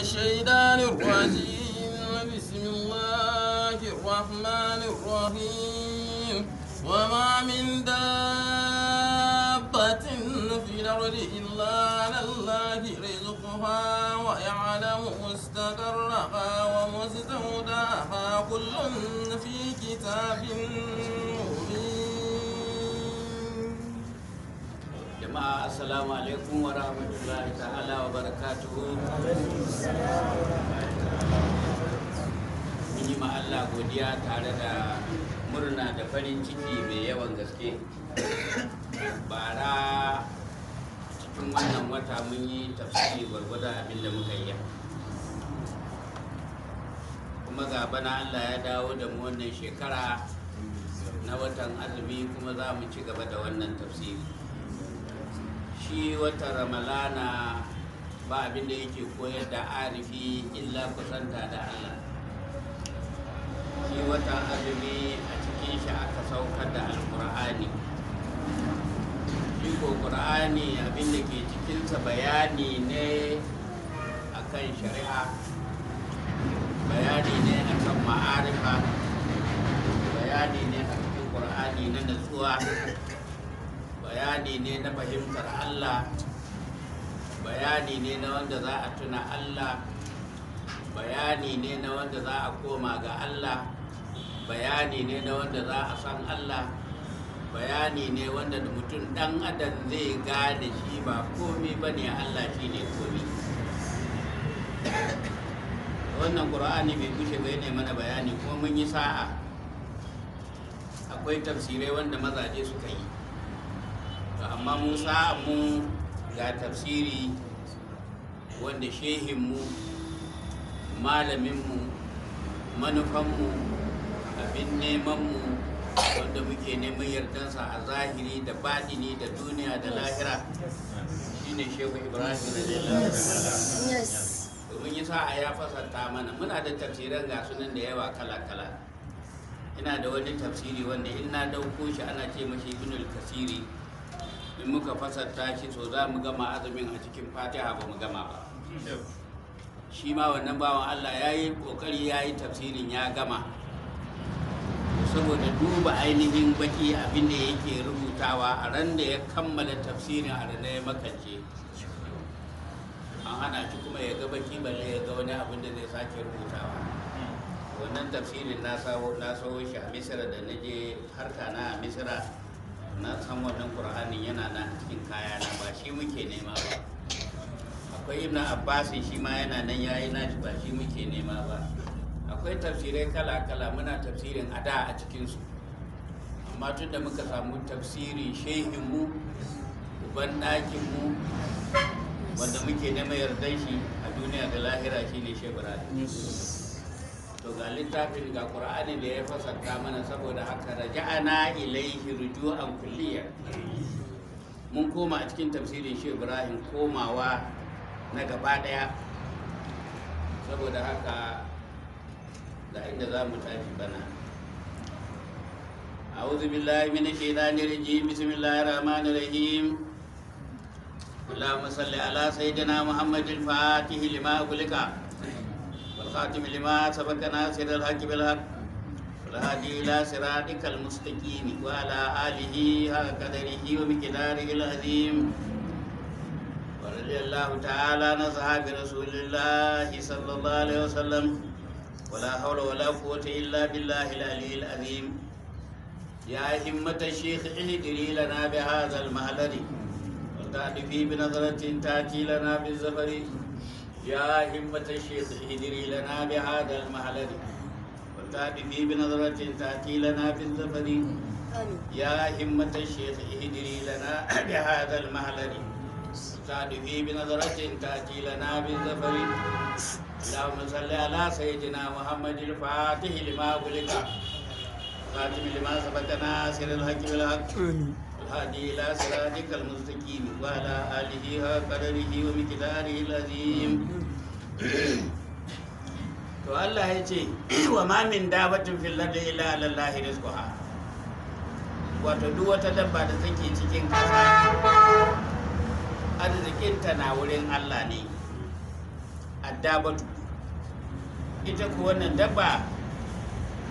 الشيطان الرجيم بسم الله الرحمن الرحيم وما من دابة في الأرض إلا على الله رزقها ويعلم مستقرها ومستودعها كل في كتاب jama'a assalamu alaikum wa rahmatullahi ta'ala wa barakatuhu mun yi ma Allah godiya tare da murna da farin ciki mai yawan gaske bara cikin wannan wata mun yi tafsiri gwargwada abin da muka yi kuma ga bana Allah ya dawo da mu wannan shekara na watan azumi kuma za mu ci gaba da wannan tafsiri shi wata ramalana ba abin da yake koyar da arifi illa kusanta da allah shi wata azumi a cikin shi aka saukar da alkur'ani shi ko kur'ani abin da ke cikinsa bayani ne akan shari'a bayani ne akan ma'arifa bayani ne a cikin kur'ani na natsuwa bayani ne na fahimtar Allah bayani ne na wanda za a tuna Allah bayani ne na wanda za a koma ga Allah bayani ne na wanda za a san Allah bayani ne wanda mutum ɗan adam zai gane shi ba komi ba ne Allah shi ne komi wannan ƙura'ani bai kushe bai ne mana bayani kuma mun yi sa'a akwai tafsirai wanda mazaje suka yi to amma mu mu ga tafsiri wanda shehinmu malaminmu manufanmu abin nemanmu wanda muke neman yardansa a zahiri da baɗini da duniya da lahira shine shehu ibrahim domin yi a ya fasanta mana muna da tafsiran ga sunan da yawa kala-kala ina da wani tafsiri wanda in na dauko shi ana ce mashi ibnul kasiri in muka fasarta shi so za mu gama azumin a cikin fatiha ba mu gama ba shi ma wannan bawan allah ya yi ƙoƙari ya yi tafsirin ya gama saboda duba ainihin baki abinda yake rubutawa a ran da ya kammala tafsirin a ranar ya makance an hana shi kuma ya ga baki balle ya ga wani abin da zai sake rubutawa wannan tafsirin na sawo shi a misira da na je harka na a misira na san wannan ƙur'ani yana nan cikin cikin kayana ba shi muke nema ba akwai ibn abbas shi ma yana nan yayi na ba shi muke nema ba akwai tafsirai kala kala muna tafsirin ada a cikin su amma tunda muka samu tafsirin shehin mu uban ɗakin mu wanda muke nema yardan shi a duniya da lahira shine shehu to ga littafin ga qur'ani da ya fasarta mana saboda haka raja'ana ilaihi ruju'an kulliyar mun koma a cikin tafsirin shi ibrahim komawa na gaba daya saboda haka ga inda za mu tafi bana أعوذ بالله من الشيطان الرجيم بسم الله الرحمن الرحيم اللهم صل على سيدنا محمد الفاتح لما أغلق خاتم لما سبق ناصر الحج بالحق والهادي إلى صراطك المستقيم وعلى آله حق قدره ومقداره العظيم ورضي الله تعالى عن أصحاب رسول الله صلى الله عليه وسلم ولا حول ولا قوة إلا بالله العلي العظيم يا همة الشيخ اهدري لنا بهذا المهلد وتعد في بنظرة تأتي لنا بالزفر يا همة الشيخ اهدري لنا بهذا المهلد وتأتي بنظرة تأتي لنا في الزفر يا همة الشيخ اهدري لنا بهذا المهلد وتأتي بنظرة تأتي لنا في الزفر اللهم صل على سيدنا محمد الفاتح لما أغلق خاتم لما سبق ناصر الحق بالحق الهادي إلى صراطك المستقيم وعلى آله وقدره ومقداره العظيم to Allah ya ce wa ma min dabatin fil ladhi illa Allah rizquha wato duk wata dabba da take cikin kasa arzikinta na wurin Allah ne addabatu ita ku wannan dabba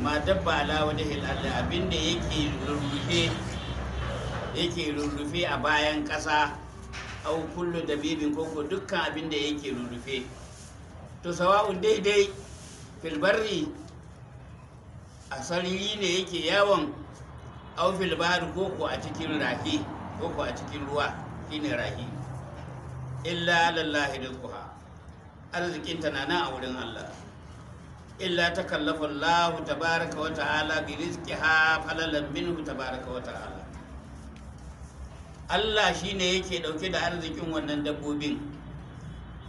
ma dabba ala wajhil Allah abinda yake rufe yake rurrufe a bayan ƙasa au kullu dabibin koko dukkan abin da yake rurrufe to sawa'un daidai filbarri a sarari ne yake yawon au filbari koko a cikin rafi koko a cikin ruwa shine rafi illa lallahi rizquha arzikinta na nan a wurin Allah illa ta kallafa Allah tabaraka wa ta'ala bi rizqiha falalan minhu tabaraka wa ta'ala Allah shi ne yake dauke da arzikin wannan dabbobin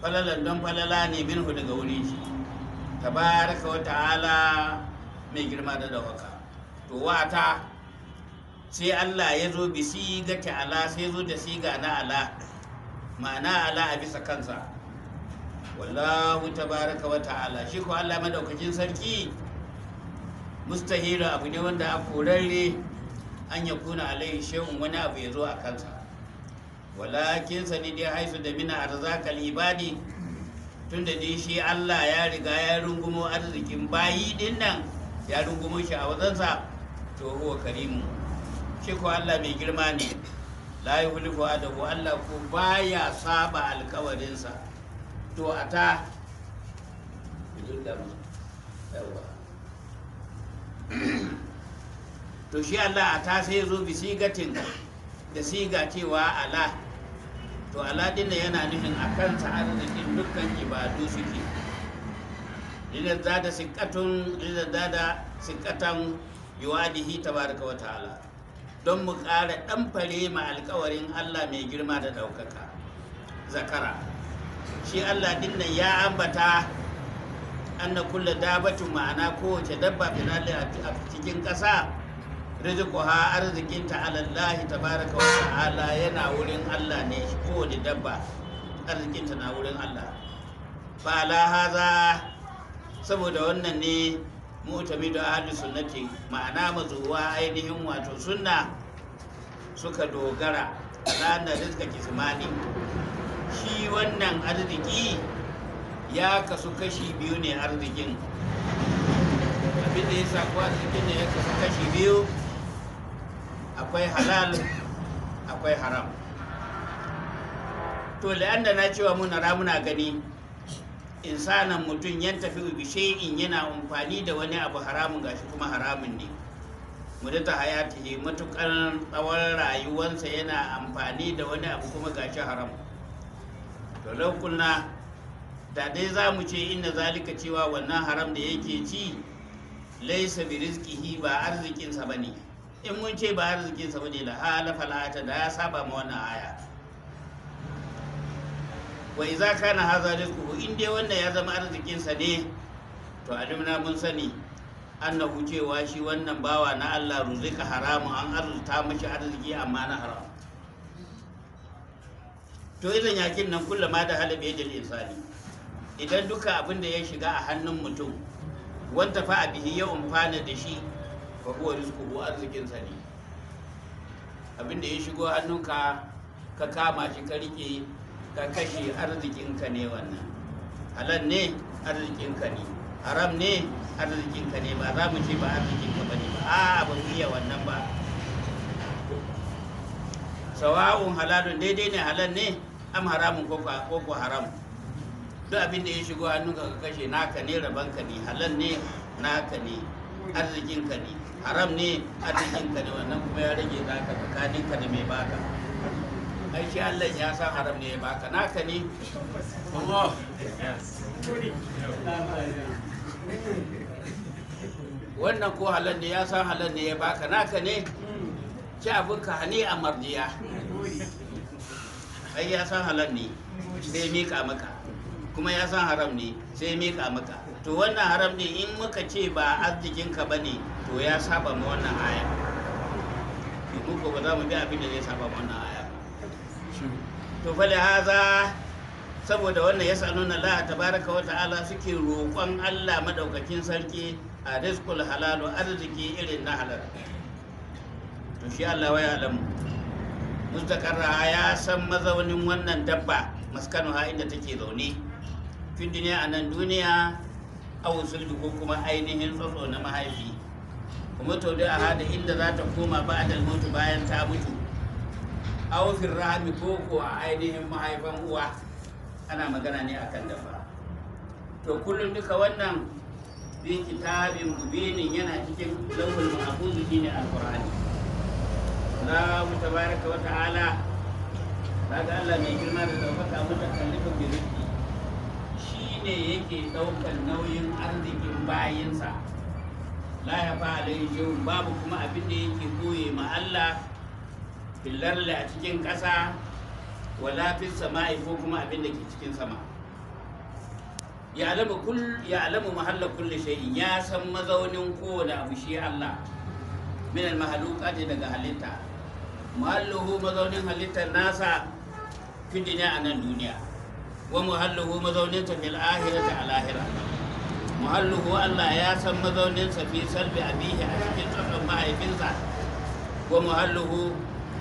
falalan don falala ne minhu daga wurin shi tabaraka wa ta'ala mai girma da dawaka to wata sai Allah ya zo bi siga ta'ala sai zo da siga na ala ma'ana ala a bisa kansa wallahu tabaraka wa ta'ala shi ko Allah madaukakin sarki mustahilu abu ne wanda a korarre an ya kuna alaihi shehun wani abu ya zo a kansa walakin sani dai haisu da mina zaka ibadi tun da dai shi Allah ya riga ya rungumo arzikin bayi din nan ya rungumo shi a wajensa to huwa karimu shi ko Allah mai girma ne la yuhlifu adabu Allah ko baya saba alkawarinsa to ata yawa to shi Allah a ta sai zo bi sigatin da siga cewa ala to ala dinna yana nufin a kan arzikin dukkan ibadu suke lidan zada sikatun lidan zada sikatan yuwadihi tabaraka wa ta'ala don mu ƙara ɗan fare ma alkawarin Allah mai girma da ɗaukaka zakara shi Allah dinnan ya ambata anna kullu dabatu ma'ana kowace dabba fi a cikin ƙasa ha arzikinta ta tabaraka wa ta'ala yana wurin Allah ne ko dabba arzikinta na wurin Allah fa la haza saboda wannan ne mutami da ahli sunnati ma'ana mazuwa ainihin wato sunna suka dogara da rizka kismani shi wannan arziki ya kasu kashi biyu ne arzikin abinda ya sa kwa arzikin ne ya kasu kashi biyu akwai halal akwai haram to da na cewa muna ramuna gani insanan mutum yan tafi bishe in yana amfani da wani abu haramun gashi kuma haramun ne mudata hayati matukar tsawon rayuwansa yana amfani da wani abu kuma gashi haram to lokuna da dai za mu ce inda zalika cewa wannan haram da yake ci laisa bi ba arzikinsa bane in mun ce ba arzikin sa bane la hala falata da ya saba ma wannan aya wa idza kana hadha rizqu in dai wannan ya zama arzikin sa ne to alimna mun sani annahu cewa shi wannan bawa na Allah ruzika haramu an arzuta mishi arziki amma na haram to idan yakin nan kullama da halabe da insani idan duka abin da ya shiga a hannun mutum wanda fa abihi ya umfana da shi fa huwa rizquhu arzikin sa ne abinda ya shigo hannunka ka kama shi ka rike ka kashe arzikinka ne wannan halal ne arzikinka ne haram ne arzikinka ne ba za mu ce ba arzikinka ba ne ba a ba mu iya wannan ba sawa'un halalun daidai ne halal ne am haramun ko ko haram duk abin da ya shigo hannunka ka kashe naka ne rabanka ne halal ne naka ne arzikin ka ne haram ne arzikin ka ne wannan kuma ya rage naka tsakanin ka da mai baka ai shi Allah ya sa haram ne ya baka naka ne kuma wannan ko halal ne ya san halal ne ya baka naka ne ci abin ka hani a mardiya ai ya san halal ne sai mika maka kuma ya san haram ne sai mika maka to wannan haram ne in muka ce ba arzikinka ba ne to ya saba ma wannan aya domin ko ba za mu bi abin da zai saba ma wannan aya to fa haza saboda wannan ya na la tabaraka wa ta'ala suke roƙon Allah madaukakin sarki a rizqul halalu arziki irin na halal to shi Allah waya alamu mustaqarra ya san mazaunin wannan dabba maskanu ha inda take zaune fi duniya a nan duniya awon sulbi ko kuma ainihin tsatso na mahaifi kuma to da hada inda za ta koma ba a dalmutu bayan ta mutu awu rahami ko ko a ainihin mahaifan uwa ana magana ne akan dafa to kullum duka wannan bin kitabin mubinin yana cikin lauhul mahfuz shine alqur'ani la mutabaraka wa ta'ala daga Allah mai girma da daukaka mutakallifin bi ne yake ɗaukar nauyin arzikin bayinsa la ya fa alaihim babu kuma abin da yake koye ma Allah fillar a cikin ƙasa wala fis sama'i ko kuma abin da ke cikin sama ya alama kull ya alamu mahalla kulli shay'in ya san mazaunin kowane abu shi Allah min al mahaluqati daga halitta mahalluhu mazaunin halittar nasa fi dunya anan duniya wa muhalluhu mazauninsa fil ahirati al Allah ya san mazauninsa fi salbi abihi a cikin tsoron mahaifinsa wa muhalluhu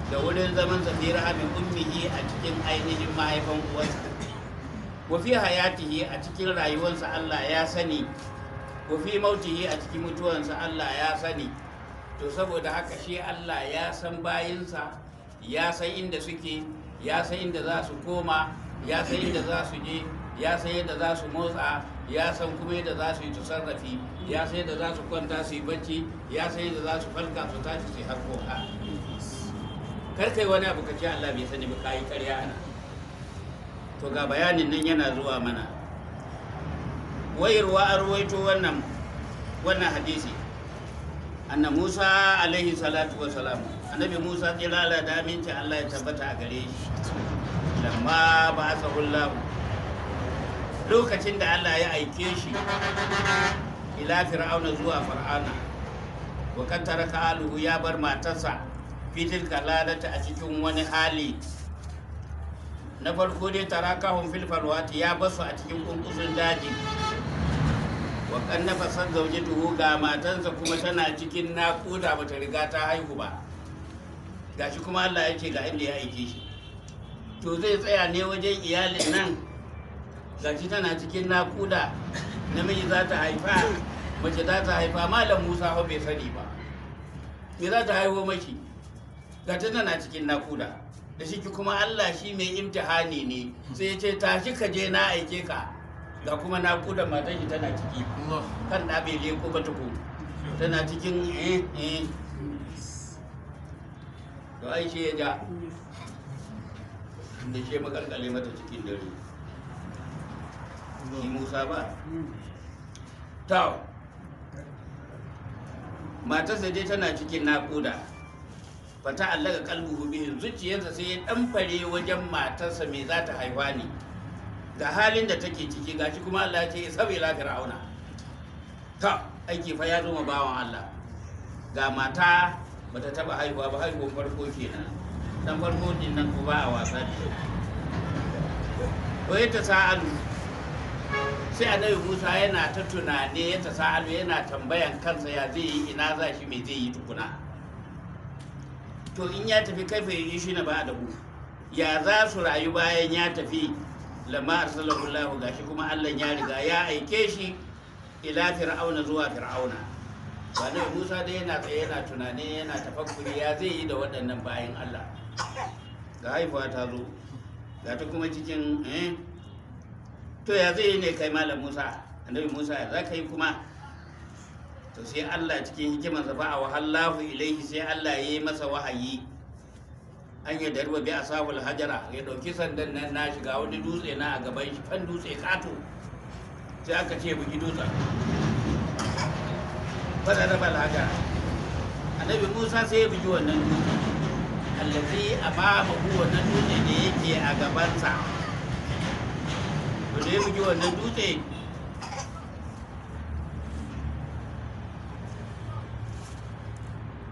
da wurin zaman sa fi rahabi ummihi a cikin ainihin mahaifan uwarsa wa fi hayatihi a cikin rayuwarsa Allah ya sani wa fi mautihi a cikin mutuwansa Allah ya sani to saboda haka shi Allah ya san bayinsa ya san inda suke ya san inda za su koma ya san yadda za su je ya san yadda za su motsa ya san kuma yadda za su yi su sarrafi ya san yadda za su kwanta su yi bacci ya san yadda za su farka su tashi su yi harkoka kar karkai wani abu ka ce Allah bai sani ba ka yi karya ana to ga bayanin nan yana zuwa mana wayarwa an ruwaito wannan wannan hadisi anna Musa alaihi salatu wa salam annabi Musa tsira da aminci Allah ya tabbata a gare shi lamma ba a labu lokacin da Allah ya aike shi ila fir'auna zuwa fir'auna wa kan ya bar matarsa fitil kalalata a cikin wani hali na farko dai tarakahum fil farwati ya basu a cikin kunkusun daji na fasar nafasan tuho ga matansa kuma tana cikin naƙuda bata riga ta haihu ba gashi kuma Allah yake ga inda ya aike shi to zai tsaya ne wajen iyalin nan gashi tana cikin nakuda namiji za ta haifa mace za ta haifa malam musa hau bai sani ba me za ta haihu maki gashi tana cikin nakuda da shi kuma allah shi mai imtihani ne sai ya ce tashi ka je na aike ka ga kuma nakuda matan shi tana ciki kan da bai leko ba tuku tana cikin eh eh to ai ya ja da shi makalkale mata cikin dare shi musa ba tau matarsa dai tana cikin nakuda fata allaka kalbu bihin zuciyarsa sai ya ɗanfare wajen matarsa mai za ta haifa ne ga halin da take ciki gashi kuma allah ce sabai la fir'auna ta aiki fa ya zo ma bawan allah ga mata bata taba haihuwa ba haihuwar farko kenan na farko din nan ko ba a wasa da shi wai ta sa'alu sai annabi musa yana ta tunane ya ta sa'alu yana tambayan kansa ya zai yi ina za shi mai zai yi tukuna to in ya tafi kaifa yi shi na ba da ya za su rayu bayan ya tafi lama arsalallahu gashi kuma allah ya riga ya aike shi ila fir'auna zuwa fir'auna ba musa dai yana tsaye yana tunani yana tafakkuri ya zai yi da waɗannan bayan allah ga haifuwa ta zo ga ta kuma cikin eh. to ya zai ne kai malam musa annabi musa ya za ka yi kuma to sai allah cikin hikimarsa fa a wahallahu ilaihi sai allah ya yi masa wahayi an yi darba bi asabul hajara ya dauki sandan nan na shiga wani dutse na a gaban shi kan dutse kato sai aka ce bugi dutsen fada rabal hajara annabi musa sai ya bugi wannan allazi amamahu wannan dutse da yake a gabansa da dai bugi wannan dutse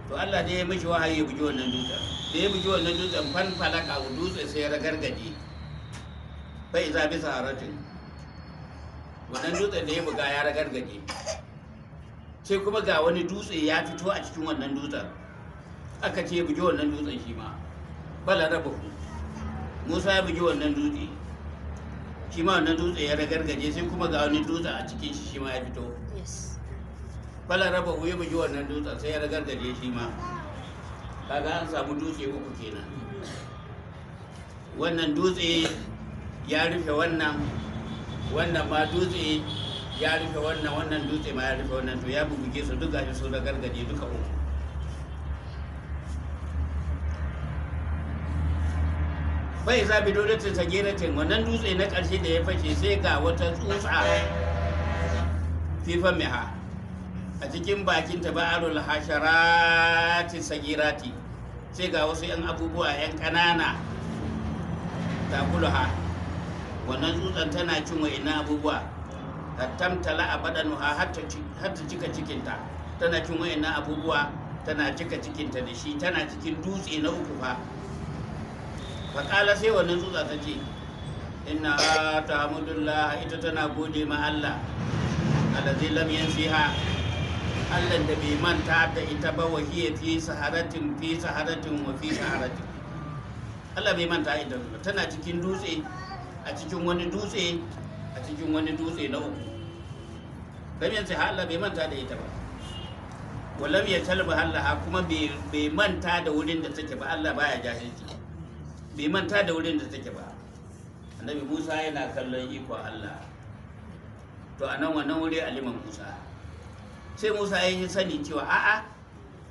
to Allah dai ya mishi wahayi ya bugi wannan dutse. da ya bugi wannan dutsen fan falaka dutse sai ya ragargaje fa iza bi saratin wannan dutsen da ya buga ya ragargaje sai kuma ga wani dutse ya fito a cikin wannan dutsen aka ce bugi wannan dutsen shi ma raba ku musa ya bugi wannan dutse shi ma wannan dutse ya ragargaje sai kuma ga wani dutse a cikin shi shi ma ya fito raba ku ya bugi wannan dutse sai ya ragargaje shi ma kaga an samu dutse uku kenan wannan dutse ya rufe wannan wannan ma dutse ya rufe wannan wannan dutse ma ya rufe wannan to ya bubuge su duk gashi su ragargaje duka uku bai za bi dole ta tin wannan dutse na ƙarshe da ya fashe sai ga wata tsutsa fifa miha a cikin bakin ta ba'arul hasharati sagirati sai ga wasu yan abubuwa yan kanana takuluha wannan tsutsan tana cin wa'ina abubuwa tamtala a ha har ta cika cikinta tana cin wa'ina abubuwa tana cika cikinta da shi tana cikin dutse na uku fa faƙala sai wannan tsutsa ta ce inna ta hamdulillah ita tana gode ma Allah alazi lam yansiha Allah da bai manta da ita ba wa hiya fi saharatin fi saharatin wa fi saharatin Allah bai manta ita ba tana cikin dutse a cikin wani dutse a cikin wani dutse na uku lam yansiha Allah bai manta da ita ba Wa ya talba Allah kuma bai manta da wurin da take ba Allah baya jahilci bai manta da wurin da take ba annabi musa yana kallon ikon allah to a nan wannan wuri aliman musa sai musa ya yi sani cewa a'a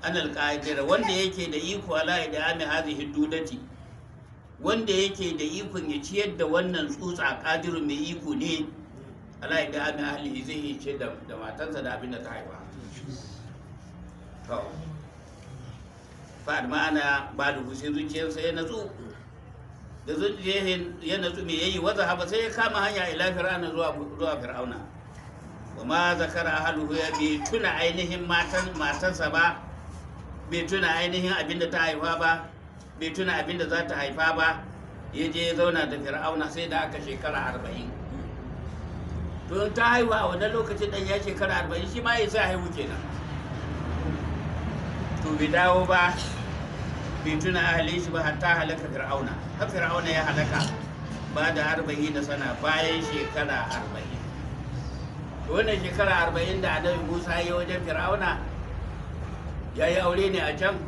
anal qadir wanda yake da iko ala ya ami hazihi dudati wanda yake da ikon ya ciyar da wannan tsutsa qadirun mai iko ne ala ya ami ahlihi zai yi ce da matansa da abin da ta haifa to fa ma'ana ba da sai zuciyarsa ya natsu da zulkifli ya natsu me yayi wa haba sai ya kama hanya ila fir'auna zuwa zuwa fir'auna wa ma zakara ahluhu ya bi tuna ainihin matan matansa ba bai tuna ainihin abinda ta haifa ba bai tuna abinda za ta haifa ba ya je ya zauna da fir'auna sai da aka shekara arba'in to ta haihuwa a wannan lokacin dan ya shekara arba'in shi ma ya sa haihu kenan to bai dawo ba bai tuna ahalin shi ba hatta halaka fir'auna har fir'auna ya halaka ba da arba'in da sana bayan shekara arba'in wannan shekara arba'in da annabi musa ya wajen fir'auna ya yi aure ne a can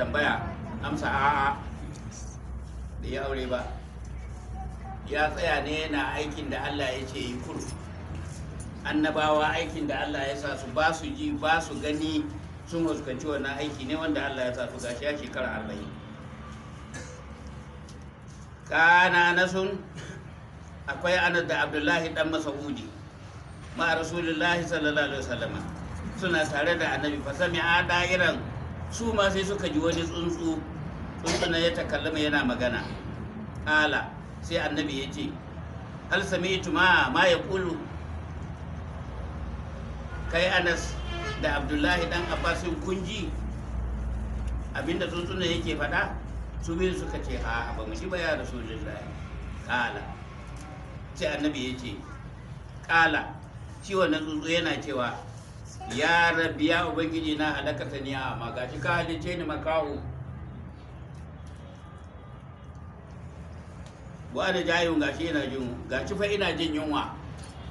tambaya amsa a'a da ya aure ba ya tsaya ne yana aikin da allah ya ce yi kuru annabawa aikin da allah ya sa su ba su ji ba su gani sun huskanci wannan aiki ne wanda Allah ya sa su gashi ya shekara arba'in sun akwai anas da abdullahi dan masaudi ma rasulullahi sallallahu alaihi wasallama suna tare da annabi fa a da'iran su ma sai suka ji wani tsuntsu tsuntsuna ya takallama yana magana ala sai annabi ya ce alsami sami'tu ma ma yaqulu kai anas da abdullahi dan abbasin kunji abinda tsuntsunan yake faɗa su biyu suka ce a ba mu ji ba ya rasulullahi kala sai annabi ya ce kala shi wannan tsuntsu yana cewa ya rabi ya ubangiji na halaka ta niya amma shi ka halice ni makawo wa da jayun gashi ina jin gashi fa ina jin yunwa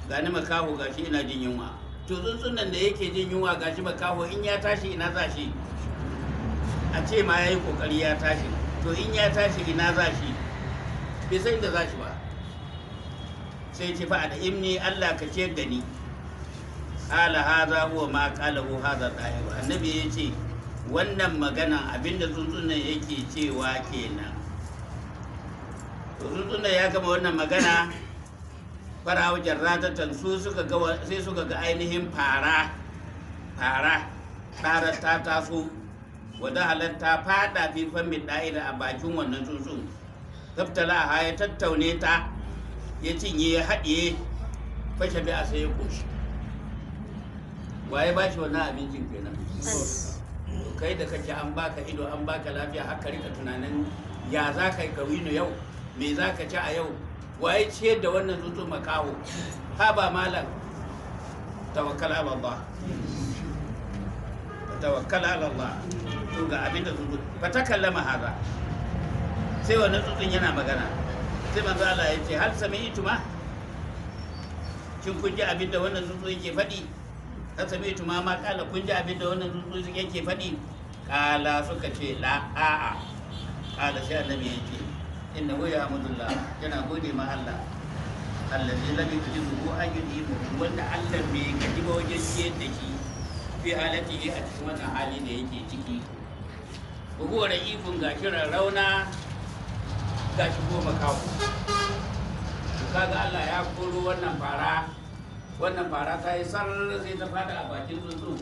gani ga gashi ina jin yunwa to tsuntsun nan da yake jin yunwa gashi makaho in ya tashi ina za shi a ce ma ya yi kokari ya tashi to in ya tashi ina za shi bai san da za shi ba sai ce fa da imni Allah ka ce gani. ala haza huwa ma hu haza da'ib annabi ya ce wannan magana abinda tsuntsun nan yake cewa kenan to tsuntsun nan ya gama wannan magana farawa jarratatan su suka ga sai suka ga ainihin fara fara fara ta taso wadda halatta fada fi fammi da'ira a bakin wannan tsuntsun taftala ha ya tattaune ta ya cinye ya haɗiye fashe bi a sai ya koshi waye ba shi wannan abincin kenan kai da kake an baka ido an baka lafiya haka ka rika tunanin ya za ka yi ka yau me za ka ci a yau waye ciyar da wannan zuzu makaho ha ba malam tawakkal ala Allah tawakkal ala Allah to ga abin da zuzu fa kallama haza sai wannan zuzun yana magana sai manzo Allah ya ce hal sami ituma kin kun ji abin da wannan zuzu yake faɗi hal sami ituma ma kala kun ji abin da wannan zuzu yake faɗi kala suka ce la a'a kala sai annabi yake inna hu yahmudullah yana gode ma Allah allazi lam yujizuhu ajdi wanda Allah bai kaji ba wajen ciyar da shi fi halatihi a cikin wannan hali da yake ciki buguwar ikon ga kiran rauna ga shi goma kawo kaga Allah ya koro wannan fara wannan fara ta yi sarar sai ta fada a bakin tsuntsu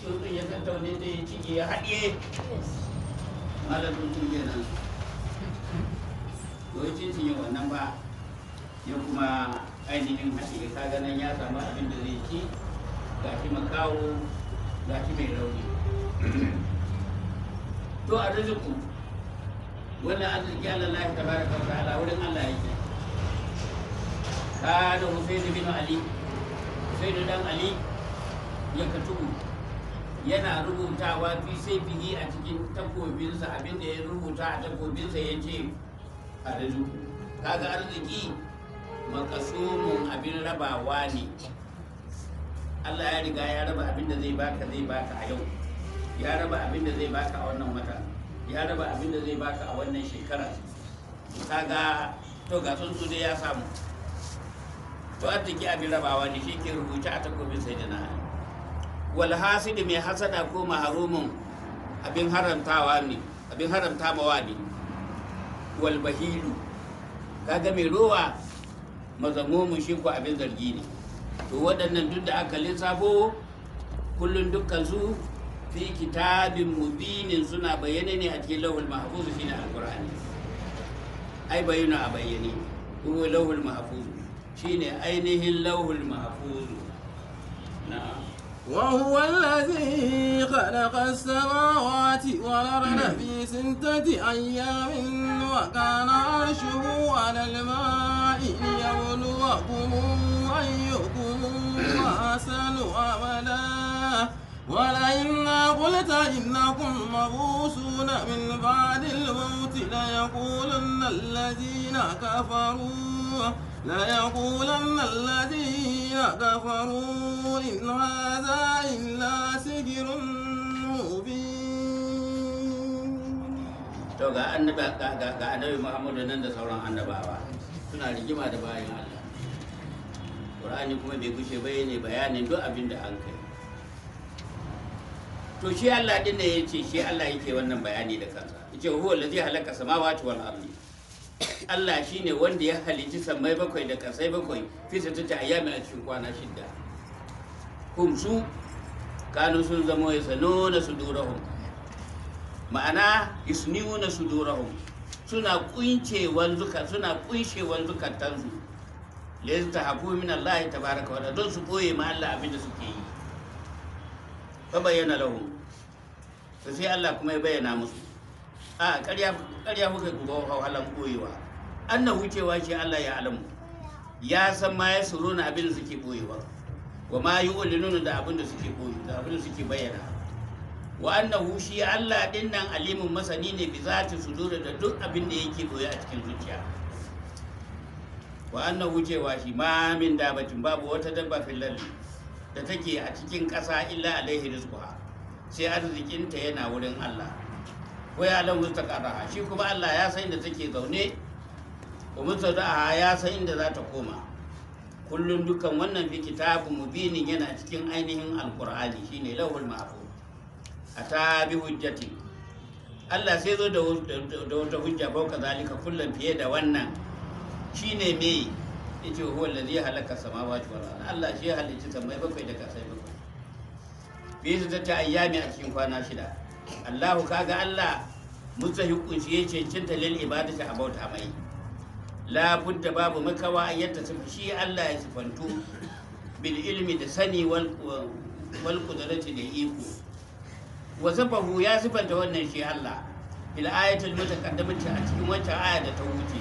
tsuntsun ya tattaune ta ya ciki ya haɗe. malam tsuntsun kenan yi cincin yin wannan ba ya kuma ainihin haɗe kaga ganin ya samu abin da zai ci ga shi makawo ga shi mai rauni to a riziku wannan arziki Allah lahi tabaraka da ta'ala wurin Allah yake kana Husayn bin Ali da dan Ali ya tubu yana rubutawa fi sai bihi a cikin takobinsa abinda ya rubuta a takobinsa ya ce arzu kaga arziki makasumun abin rabawa ne Allah ya riga ya raba abin da zai baka zai baka a yau ya raba abin da zai baka a wannan wata ya raba abin da zai baka a wannan shekara kaga to ga sun su dai ya samu to arziki abin rabawa ne shi ke rubuce a takobin sai da na wal hasidi mai hasada ko maharumin abin haramtawa ne abin haramtawa ne wal bahilu kaga mai rowa mazamomin shi ko abin zargi ne to waɗannan duk da aka lissafo kullum dukkan su fi kitabin mubinin suna bayyane ne a cikin lahul mahfuz shi ne alqur'ani ai bayyana a bayyane kuma lahul mahfuz shine ainihin lahul mahfuz na'am وهو الذي خلق السماوات والأرض في ستة أيام وكان عرشه على الماء ليبلوكم أيكم أحسن أملا ولئن قلت إنكم مبعوثون من بعد الموت ليقولن الذين كفروا ليقولن الذين كفروا إن هذا إلا سحر مبين to ga annabi ga annabi Muhammadu nan da sauran annabawa suna rigima da bayan Allah Qur'ani kuma bai gushe ba ne bayanin duk abin da an kai to shi Allah din ne yace shi Allah yake wannan bayani da kansa yace huwa allazi halaka samawati wal ardi Allah shi ne wanda ya halici samai bakwai da kasai bakwai ta ta ayyami a cikin kwana shidda Kumsu, su kanu sun zama ya sano na su sudurahum ma'ana isniwu na su sudurahum suna kuncewan zuka suna kunshewan zukatansu lezu ta haku min Allah tabaraka wa don su koye ma Allah abin da suke yi fa bayyana lahun. sai Allah kuma ya bayyana musu a ƙarya kuka kuka hawalan ɓoyewa annan wucewa shi Allah ya alamu ya san ma ya suru na abin da suke ɓoyewa wa ma yi ulinunu da abin da suke ɓoye da abin da suke bayyana wa annahu shi Allah din nan alimin masani ne bi zati sudura da duk abin da yake ɓoye a cikin zuciya wa annahu wucewa shi ma min dabatin babu wata dabba fillalli da take a cikin ƙasa illa alaihi rizquha sai arzikinta yana wurin Allah ko ya lahu taqarraha shi kuma Allah ya san inda take zaune kuma sadaha ya san inda za ta koma kullun dukan wannan fi kitabu mubinin yana cikin ainihin alqur'ani shine lahul mahfuz ata bi hujjati Allah sai zo da wata hujja ba ka zalika kullun fiye da wannan shine me yace huwa allazi halaka samawati wal ardh Allah shi halicci samai bakwai da kasai bakwai bi su ta ayyami a cikin kwana shida Allahu ga Allah mustahiqun shi ya cancanta lil ibadati a bauta mai la budda babu makawa an yatta shi Allah ya sifantu bil ilmi da sani wal wal qudrati da iko wa zabahu ya sifanta wannan shi Allah bil ayatil mutaqaddimati a cikin wata aya da ta wuce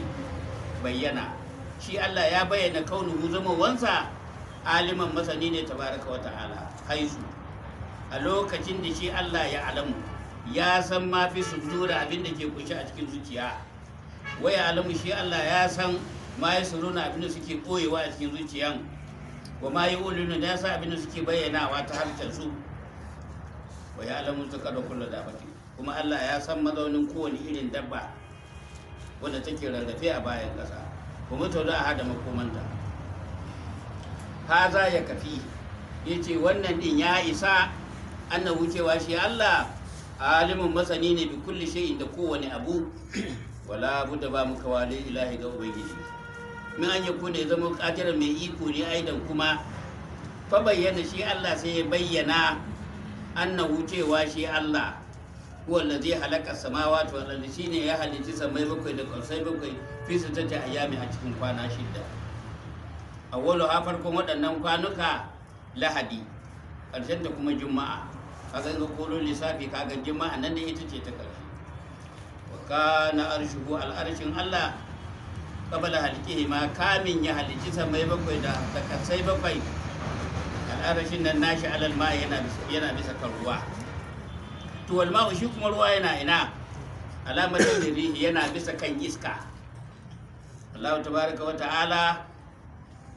bayyana shi Allah ya bayyana kaunuhu zama wansa aliman masani ne tabaraka wa ta'ala haisu a lokacin da shi Allah ya alamu ya san ma fi sudur abin da ke kunshi a cikin zuciya wai alamu shi Allah ya san ma ya suruna abin da suke koyewa a cikin zuciyan wa ma yi ulunu da ya sa abin da suke bayyanawa ta harshen su wa ya alamu su kada kula da baki kuma Allah ya san mazaunin kowane irin dabba wanda take rarrafe a bayan ƙasa kuma ta da hada makomanta za ya kafi ya ce wannan din ya isa annabu cewa shi Allah alimin masani ne bi kulli shay'in da kowane abu wala budda ba muka wali ilahi ga ubangiji min an yi kuna zama katira mai iko ne aidan kuma fa bayyana shi Allah sai ya bayyana annahu cewa shi Allah wanda zai halaka samawa to wanda shi ne ya halici samai bakwai da kwasai bakwai fi su ta yami a cikin kwana shida awwalu ha farkon waɗannan kwanuka lahadi ƙarshen da kuma juma'a kaga ga kolon lissafi kaga a nan da ita ce ta ƙarshe wa ka na arshuhu al'arshin Allah kabala halqihi ma kamin ya halici samai bakwai da takasai bakwai al'arshin nan nashi alal ma yana bisa kan ruwa to wal shi kuma ruwa yana ina alamar da rihi yana bisa kan iska Allah tabaraka wa ta'ala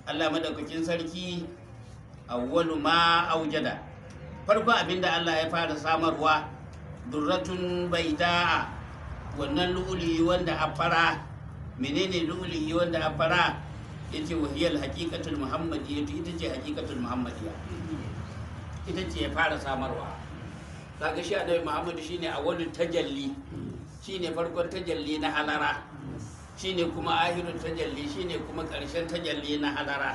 Allah madaukakin sarki awwalu ma aujada farko abinda Allah ya fara samarwa durratun da'a wannan lu'uli wanda a fara menene lu'uli wanda a fara wahiyar wahiyal muhammadi ya ita ce haqiqatul muhammadiyya ita ce ya fara samarwa kaga shi shi muhammadu a wani tajalli Shi ne farkon tajalli na halara Shi ne kuma ahirul tajalli Shi ne kuma karshen tajalli na halara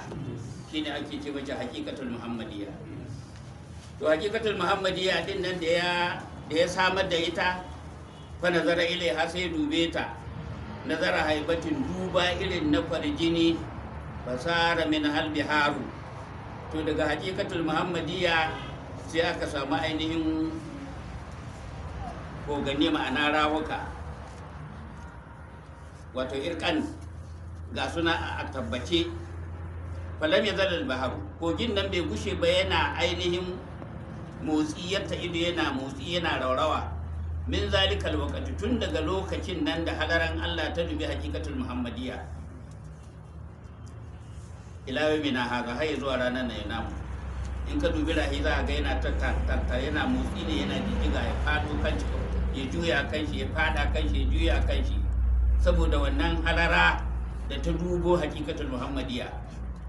Shi ne ake ce mace haqiqatul muhammadiyya to hakikatul ya din nan da ya da ya samar da ita fa nazara ha sai dube ta nazara haibatin duba irin na farjini fasara min halbi haru to daga hakikatul muhammadiyya sai aka samu ainihin kogane ma'ana rawuka wato irkan ga suna a tabbace falam ya zalal baharu kogin nan bai gushe ba yana ainihin motsi yadda ido yana motsi yana raurawa min zalikal waqati tun daga lokacin nan da hadaran Allah ta dubi hakikatul muhammadiyya ila yawmi na haga har zuwa ranar nan yana in ka dubi rahi za ga yana tattata yana motsi ne yana jijjiga ya fado kanshi ya juya kanshi ya fada kanshi ya juya kanshi saboda wannan halara da ta dubo hakikatul muhammadiyya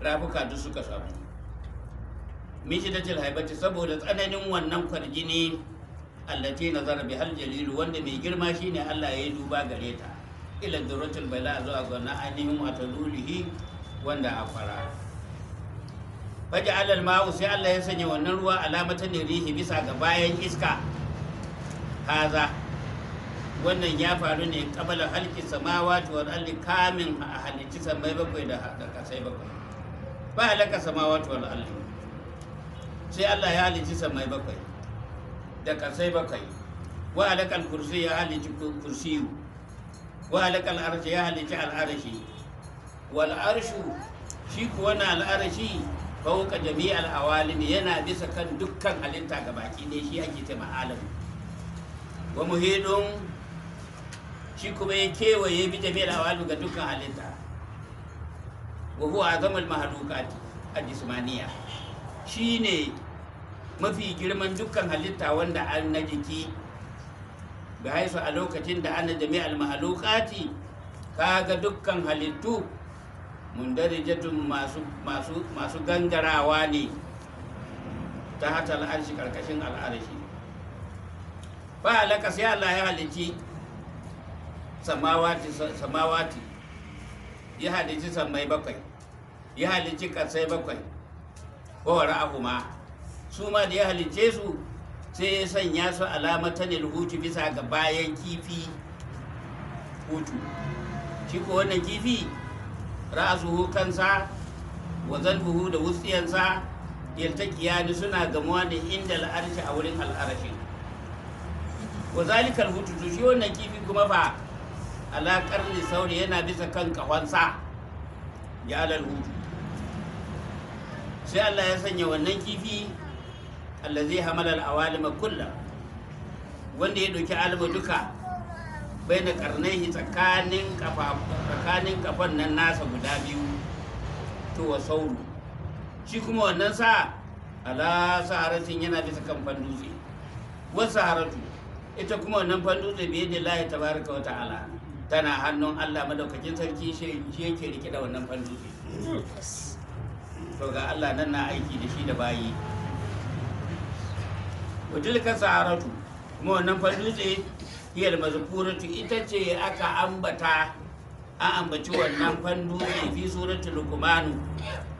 rafuka duk suka samu min shiddatil haibati saboda tsananin wannan Allah allati nazara bi hal jalilu wanda mai girma shine Allah ya yi duba gare ta ila duratul bala zuwa ga na ainihin wata lulihi wanda a fara Baje alal ma'u sai Allah ya sanya wannan ruwa ne rihi bisa ga bayan iska haza wannan ya faru ne kabala halki samawa tuwar alli kamin a halitti samai bakwai da sai bakwai ba halaka samawa tuwar alli sai Allah ya halicci samai bakwai da kasai bakwai wa alakal kursi ya halicci kursi wa alakal arshi ya halicci al'arashi wal arshu shi kuwa na al'arashi fauka jami'al awalimi yana bisa kan dukkan halitta ga baki ne shi ake ce ma'alam wa muhidun shi kuma ya kewaye bi jami'al awalimi ga dukkan halitta wa huwa azamul mahlukati a jismaniya Shi ne mafi girman dukkan halitta wanda an na jiki ga haisu a lokacin da ana jami'al mahalukati kaga dukkan halittu mun masu masu masu gangarawa ne ta hata al'arshi karkashin al'arshi ba alaka sai Allah ya halici samawati ya halici sammai bakwai ya halici kasai bakwai wa ra'ahuma su ma da ya halince su sai ya sanya su alamatan hutu bisa ga bayan kifi hutu shi ko wannan kifi ra'asuhu kansa wa zalbuhu da wutsiyansa yaltakiyani suna gamuwa da inda al'arshi a wurin al'arashi wa zalikal hutu to shi wannan kifi kuma fa alaƙar ne sauri yana bisa kan ƙahonsa, ya alal sai Allah ya sanya wannan kifi Allah zai hamalal awalima kulla wanda ya ɗauki alima duka bai da karnai tsakanin tsakanin kafan nan nasa guda biyu to wa sauru shi kuma wannan sa ala saharatin yana bisa kan fandutse Wasu saharatu ita kuma wannan fandutse bai da lahi tabaraka wata ta'ala tana hannun Allah madaukakin sarki shi yake rike da wannan fandutse to ga Allah nan na aiki da shi da bayi wajilka saharatu kuma wannan fardutse da mazkuratu ita ce aka ambata a ambaci wannan fandutse fi suratul luqman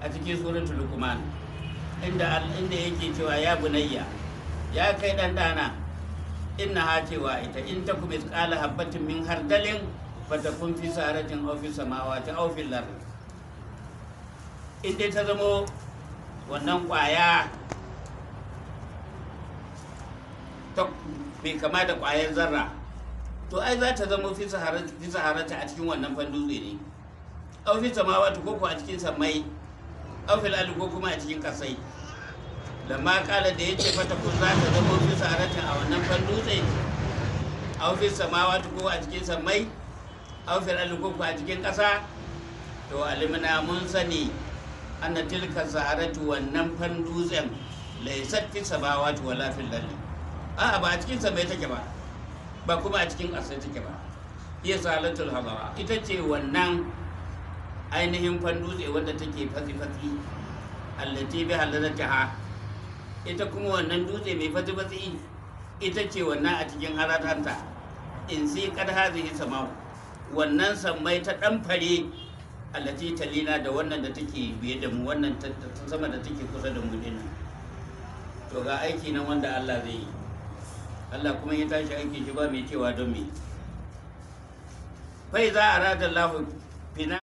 a cikin suratul luqman inda inda yake cewa ya bunayya ya kai dan dana inna ha cewa ita in ta kuma qala habatin min hardalin kun fi saratin ofisa fi aw fil in dai ta zamo wannan kwaya ta mai kama da kwayar zarra to ai za ta zama fi saharata a cikin wannan fandutse ne au fi ta koko a cikin samai au fil ko kuma a cikin kasai ma kala da ya ce fata kun za ta zama fi saharata a wannan fandutse au fi ta koko a cikin samai au fil ko a cikin kasa to alimina mun sani anna tilka zaharatu wannan fan dutsen laysat fi samawati wala fil ardi a'a ba a cikin samai take ba ba kuma a cikin ƙasa take ba iya salatul hazara ita ce wannan ainihin fan dutse wanda take fatsi fatsi allati bi halalatiha ita kuma wannan dutse mai fatsi fatsi ita ce wannan a cikin haratanta in sai kad hazihi samau wannan sammai ta ɗan fare allati talina da wannan da take biye da mu wannan ta sama da take kusa da mu dinnan to ga aiki nan wanda Allah zai yi Allah kuma ya tashi aiki shi ba mai cewa don me fa iza arada Allah fina